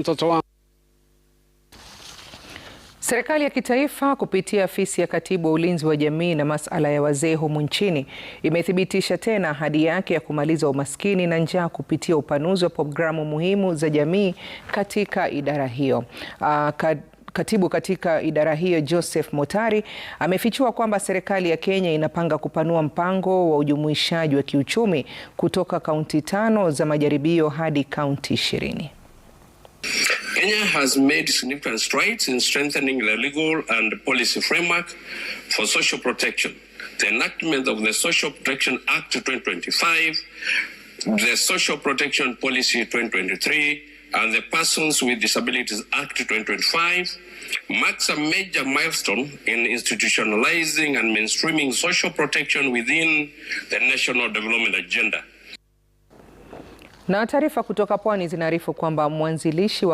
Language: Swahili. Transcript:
Mtoto wangu. Serikali ya kitaifa kupitia afisi ya katibu wa ulinzi wa jamii na masuala ya wazee humu nchini imethibitisha tena ahadi yake ya kumaliza umaskini na njaa kupitia upanuzi wa programu muhimu za jamii katika idara hiyo. Ah, ka, Katibu katika idara hiyo Joseph Motari amefichua kwamba serikali ya Kenya inapanga kupanua mpango wa ujumuishaji wa kiuchumi kutoka kaunti tano za majaribio hadi kaunti ishirini. Kenya has made significant strides in strengthening the legal and policy framework for social protection. The enactment of the Social Protection Act 2025, the Social Protection Policy 2023, and the Persons with Disabilities Act 2025 marks a major milestone in institutionalizing and mainstreaming social protection within the national development agenda. Na taarifa kutoka pwani zinaarifu kwamba mwanzilishi wa